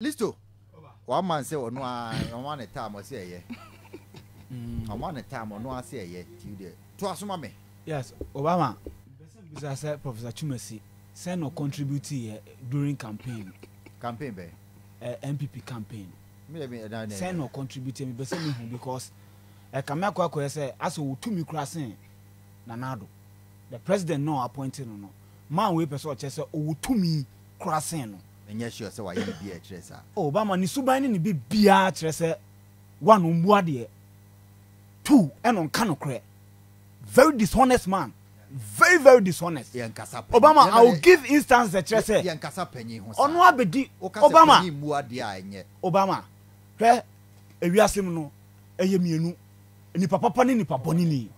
listo wàá ma n sẹ ọ̀nù a ọ̀nù àná tá a mọ̀ sí ẹ̀yẹ mm. ọ̀nù àná tá a mọ̀ ọ̀nù àsí ẹ̀yẹ tí o dẹ̀ tó a súnmọ́ mi. yes obama bisa sẹ professor chumasi send na contribute yẹ during campaign. campaign bẹẹ. ẹ uh, eh, npp campaign. mi yẹ mi ẹ dan ẹ. sẹ contribute mi bẹsẹ mi hu because ẹ kàmi akọ akọ yẹ sẹ asọ wò tún mi kura sẹ nanado the president náà appointing no no man wey pẹ sọ ọ kyẹ sẹ owó tún mi kura sẹ no menyɛ sure sɛ wayɛ ne bia kyerɛ saa obama oh, ni suban ni ni bi biaa kyerɛ sɛ one ɔmmu adeɛ two ɛno nka nokorɛ very dishonest man very very dishonest obama i will give instance kyerɛ sɛ yɛnkasa panyin obama wokasa obama hwɛ ewiase mu no ɛyɛ mmienu nipa papa ni nipa bɔne ni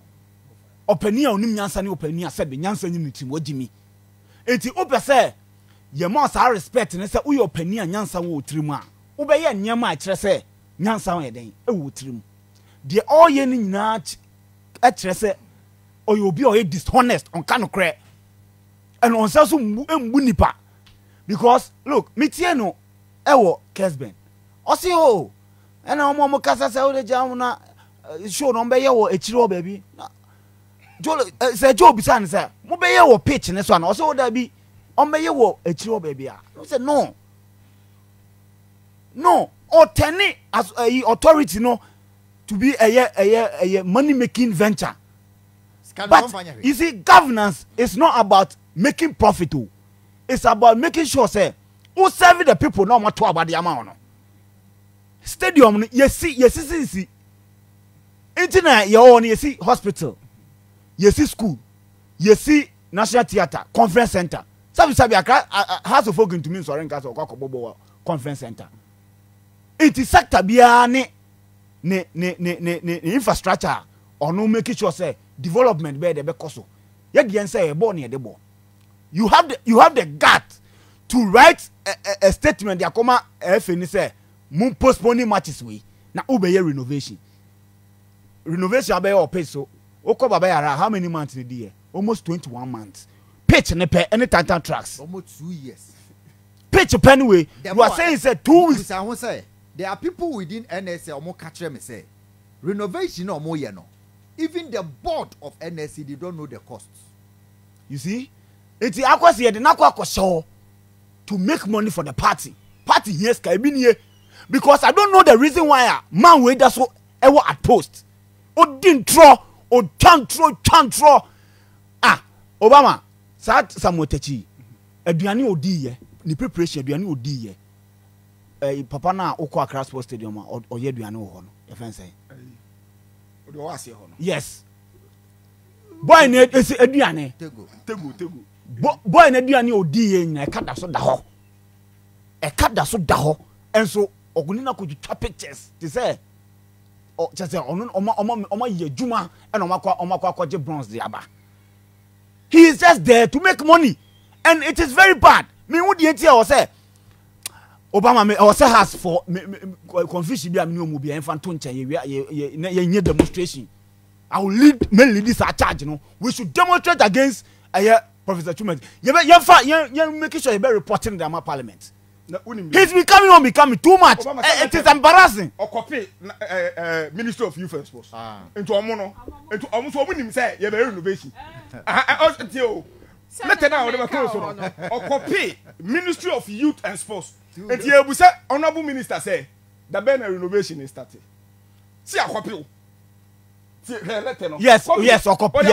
ɔpanin a onim nyansa ne ɔpanin a sɛbe nyansa ne ne tirim wagyi mi eti wopɛ sɛ yɛmɔ saa respect ne sɛ woyɛ ɔpani a nyansa wɔ wotiri mu a wobɛyɛ nneɛma a kyerɛ sɛ nyansa wɔ yɛdɛn ɛwɔ wotiri mu deɛ ɔreyɛ no nyinaa ɛkyerɛ sɛ ɔyɛ obi a ɔyɛ dishonest ɔnka nokorɛ ɛna ɔnsa so mbu mbu nipa because look metie no ɛwɔ kesben ɔsi o oh, ɛna ɔmo ɔmo kasa sɛ ɔde gya ɔmo na eh, show na ɔmo bɛyɛ wɔ akyiri hɔ baabi na jo eh, sɛ jo bisa ne sɛ mo bɛyɛ wɔ pitch ne so ana ɔsi o dabi ɔmmɛyɛ wɔ akyiri hɔ baabi a no sɛ no no ɔtɛne ayi authority no to be ɛyɛ ɛyɛ ɛyɛ money making venture but you see governance is not about making profit o it's about making sure say who serve the people na ɔmo to abade ama ɔno stadium no yɛsi yɛsi sisi nti na yɛwɔ hɔ no yɛsi hospital yɛsi school yɛsi national theatre conference center sabisabi akra house of folk ntumi nsɔre nka sɛ ɔkɔ akɔbɔbɔ wɔ conference center nti sector biara ne ne ne ne ne ne infrastructure a ɔno make sure sɛ development bɛyɛ de ɛbɛkɔ so yɛde yɛn sɛ yɛbɔ ne yɛde bɔ you have the you have the gut to write a, a, a statement de akɔma ɛfɛ eh, ni sɛ mu postponing matches wei na wobɛyɛ renovation renovation abɛyɛ ɔpɛ so wokɔ baba yara how many months ni di yɛ almost twenty one months pitch ne pɛ ɛne tantan tracks pitch pɛ ne wei you are saying say two weeks. there are people within nsa ọmọ kakyere mi sẹ renovation na ọmọ yẹ no even the board of nsa they don't know the cost. you see eti akwasi yɛ de n'akɔ akɔhyɛ hɔ to make money for the party party yɛ sika ebi nie because i don't know the reason why a ah, man wey da so ɛwɔ at post odi ntorɔ otwa ntorɔ twa ntorɔ ah obama saa samuel tɛkyi aduane odiiyɛ ne preparation aduane odiiyɛ ɛɛ eh, papa naa okɔ akra sports stadium a ɔyɛ aduane wɔ hɔ no yɛfɛn sɛ. o de ɔwɔ aseɛ hɔ no. yes boy na esi aduane. tego tego tego. boy na aduane odiiyɛ nyina ɛka da so da hɔ ɛka da so da hɔ ɛnso ɔkunni na ko twitwa pictures te sɛ ɔ kyerɛ sɛ ɔno ɔma ɔma ɔma yɛ adwuma ɛna ɔma kɔ ɔma kɔ akɔgye bronze di aba. he is just there to make money and it is very bad mi hu die ti ẹ wọ sẹ obama mi ẹ wọ has for confusion bi a mi ni omo bi ẹ nfa to nkyɛn yɛ wia yɛ yɛ yɛ demonstration i will lead main lead this our charge no we should demonstrate against ɛyɛ uh, professor tumati yɛ bɛ yɛ fa yɛ make sure yɛ bɛ reporting to the ama parliament he's becoming or becoming too much Obama, eh, it is embarrassing. ọkọpi ministry of youth and sports nti ọmọ nọ nti ọmọ sọ ọmọ nim sẹ yẹ bẹ renovation ọsẹ o lẹtẹ náà ọdẹ bẹ kúrò sọ nọ ministry of youth and sports nti ebusa eh, honourable minister sẹ dabẹ na renovation is starting si akọpi o yes yes ọkọ yes ọkọ pẹ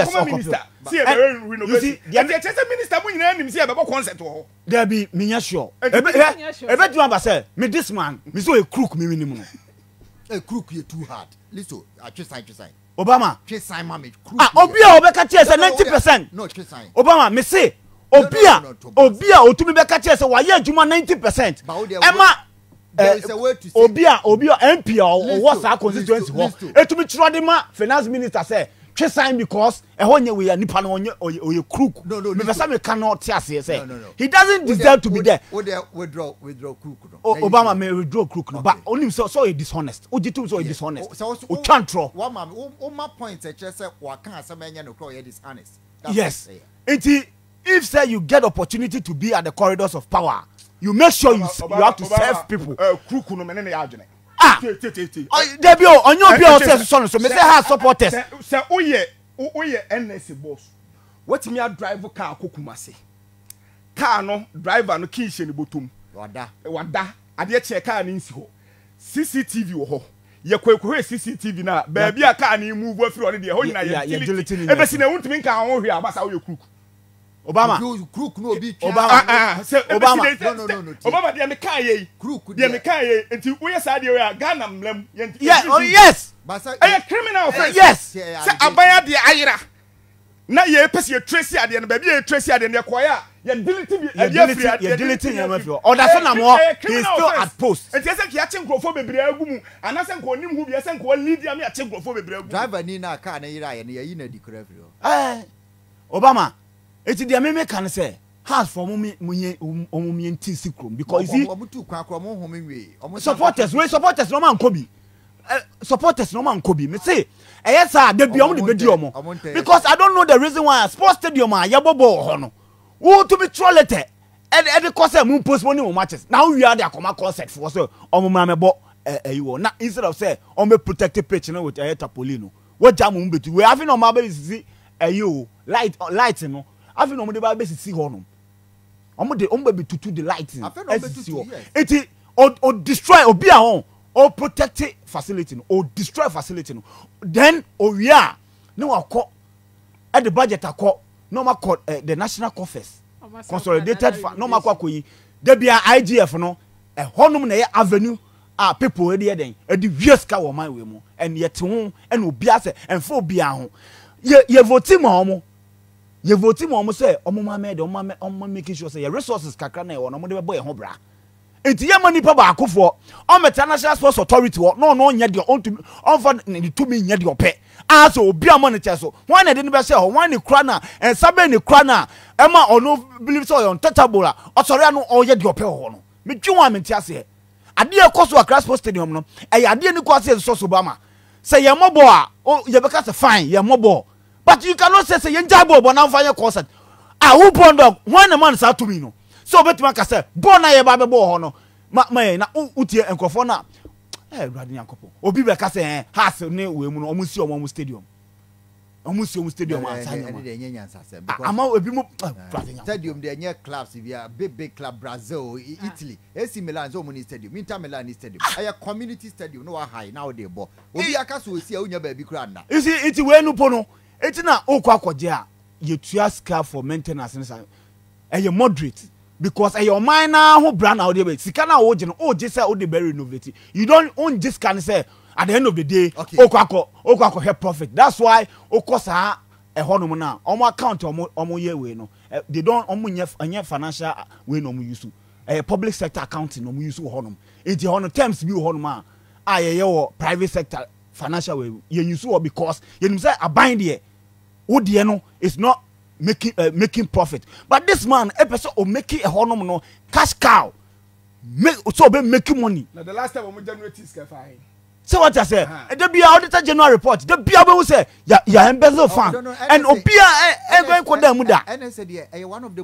you see ẹti ẹ kyerẹ minister mu nyinaa nim si ẹ bẹ bọ concert wọ. dabi mi yẹn sọ ebe ebe tí wọn bá sẹ mi dis man mi sọ ye crook mi ni mu no. ẹ crook ye too hard liso atwisan atwisan. obama twisan mami crook. ah obi a ọbẹ kati ẹ sẹ ninety percent obama mi se obi a obi a otumi bẹ kati ẹ sẹ wà á yẹ adwuma ninety percent ẹ ma. Eh, obi a obi a mp a ɔwɔ saa constituency hɔ etumi kyerɛ de ma finance minister sɛ twe sign because ɛhɔ nyɛ wei a nipa no ɔnyɛ ɔyɛ ɔyɛ crook mefɛsɛ mi ka no ɔte aseɛ sɛ he doesn't deserve to be there. o de withdraw withdraw crook no. obama mi withdraw crook no but onim sɛ sɛ ɔyɛ dishonest o di tum sɛ ɔyɛ dishonest o twa ntorɔ. wa maa mi o ma point ɛkyerɛ sɛ wa kan asɛm ɛnyɛ no kura ɔyɛ dishonest. yes nti if say you get opportunity to be at the corridors of power you make sure you, you have to serve people. kuru kunu mi ne ne y'a jɛnɛ. ah debi o ɔnyɛ obi eh, a ɔsɛ sɔsɔ nisɔn mɛ sɛ ha supporters. sɛ o yɛ o yɛ nsc boss wetumi a drive car ko kumase car no driver no kii hyɛ ne bɔtɔ mu. wada wada adeɛ kyɛ car ne nsi hɔ cctv wɔ hɔ yɛkɔkɔhɛ cctv na a a car ni move bu afiri hɔ ne deɛ hɔ nyina yɛ tilitili ebesi na ewuntumi nka ahohwe abasa woyɛ kuruku obama crook no obi twa ah, ah, ah. obama obama obama deɛ meka yɛ yi deɛ meka yɛ yi nti woyɛ saa deɛ yɛ a ghana mlɛm yɛn yes ɛyɛ criminal offence yes sɛ aban adeɛ ayera na yɛ pɛ sɛ yɛ tracy adeɛ no baabi yɛ tracy adeɛ no yɛ kɔɛ a yɛ diliti bi ɛdi afiri yɛ diliti yɛ afiri ɔda so na mo eh, he is still at post nti ɛsɛ kì í akye nkurɔfoɔ bebree agu mu anasɛ nkɔ onim hu bi ɛsɛ nkɔ ɔlidi ami akye nkurɔfoɔ bebree agu mu. driver ni na kaa ne yira yɛ no yɛ yi na di kura firi hɔ. Eh, ɛɛ obama eti deɛ mímí kan sɛ house for ọmọ mi ọmọ mi ti si kurom because you see ọmọ tu kwan kura ọmọ homi wei. supporters wey supporters n'ọmọ ankobi eh, supporters n'ọmọ ankobi mi say ɛyɛ saa debi ɔmo de bɛ di ɔmo because i don't know the reason why sports stadium a yɛ bɔ bɔɔl hɔ no wotumi trɔlɛtɛ ɛdi ɛdi kɔsɛ mu postpone wɔn matches na awo wia de akɔma concert fo so ɔmo maame bɔ ɛyi wɔ na instead of say ɔmo bɛ protect pitch no with ɛyɛ eh, tapoli no wɔgya mo mu betu wei afi na ɔmo abɛ sisi ɛyi o light light no afei na ɔmo de ba abɛsisi hɔ nom ɔmo de ɔmo ba bi tutu the light ɛsisi hɔ eti o destroy obi a hɔn o protect facility no o destroy facility no then owie a ne wa kɔ ɛde budget akɔ na ɔmo akɔ ɛ the national coffers consolidated fa na ɔmo akɔ akɔ yi debia igf no ɛhɔnom na ɛyɛ avenue a people ɛde yɛ den ɛde wie sika wɔ ɔman wɛ mu ɛne yɛ te ho ɛna obi asɛ ɛnfa obi aho yɛ yɛ vote ma ɔmo yɛ voti ma ɔmo sɛ ɔmo ma mɛ de ɔmo ma mɛ ɔmo ma make sure sɛ yɛ resources kakra na ɛwɔ na ɔmo de bɛbɔ yɛn ho bra nti yɛ ma nipa baako foɔ ɔmo ta national sports authority wɔ na ɔno ɔnyɛ deɛ ɔntumi ɔnfa ne tumi nyɛ deɛ ɔpɛ aso obi a ɔmo ne kyɛ so wɔn na ɛde ne bɛ sɛ hɔ wɔn ne kura na nsa bɛ ne kura na ɛma ɔno believe sɛ ɔyɛ untouchable a ɔsɔre ano ɔyɛ deɛ ɔpɛ wɔ hɔ no metwi wɔn a me nti aseɛ adeɛ ɛkɔ so akra sports stadium no ɛyɛ adeɛ ne kɔ aseɛ nsɔsɔ bama sɛ yɛn mɔbɔ a yɛbɛka sɛ fine yɛn mɔbɔ but you cannot say say yɛn gya bɔ bɔ n'anfa yɛ concert a wo bɔn dɔ wɔn na ma ne saa so no sɛ obetuma ka sɛ bɔn na yɛ ba bɛ bɔ hɔ no ma ma yɛ eh, na u tie nkɔfɔ na ɛɛ eh, ɛwurade nya kɔpɔ obi bɛ ka sɛ eh, ɛɛ haas ne wɛmu no ɔmu si ɔmu ɔmu stadium ɔmu si ɔmu stadium ansa yɛ ma ama ebi mu ɛwurade nya kɔpɔ. stadium de ɛnyɛ clubs bi a big big club brazil ah. italy ac milan sɛ ɔmu ni stadium inter milan ni stadium ɛyɛ ah. community stadium ne wa ha yi na ɔde bɔ obi aka so osi a onya baabi kura na. isi iti wɛnu po no eti na okɔ akɔgye a yɛtua sika for maintenance ne saa ɛyɛ moderate because ɛyɛ ɔman naa ho brand na ɔde bɛ sika na ɔgye no ɔgye sɛ ɔde bɛ renovate you don ɔngye sika ne sɛ at the end of the day o okɔ akɔ okɔ akɔhwɛ profit that's why okɔ saa ɛhɔnom na ɔmo account ɔmo ɔmo yɛ wei no they don ɔmo nyɛ ɛnyɛ financial wei na ɔmo use ɛyɛ public sector accounting na ɔmo use wɔ hɔnom eti hɔnom terms bi wɔ hɔnom a a yɛyɛ wɔ private sector financial wei yɛ use wɔ because yɛnim sɛ aban deɛ wo deɛ no is not making uh, making profit but this man ɛpɛ sɛ o making ɛhɔ nom no cash cow make so o bɛ making money. na the last time ɔmo generate tis kɛfɛ ayi. sɛ wɔn ti sɛ ɛdɛ bia auditor general report ɛdɛ bia bɛ n sɛ yà yà embezzle fan and obiara ɛ ɛ nkɔ dɛ mu da. ɛnɛ sɛ deɛ ɛyɛ one of the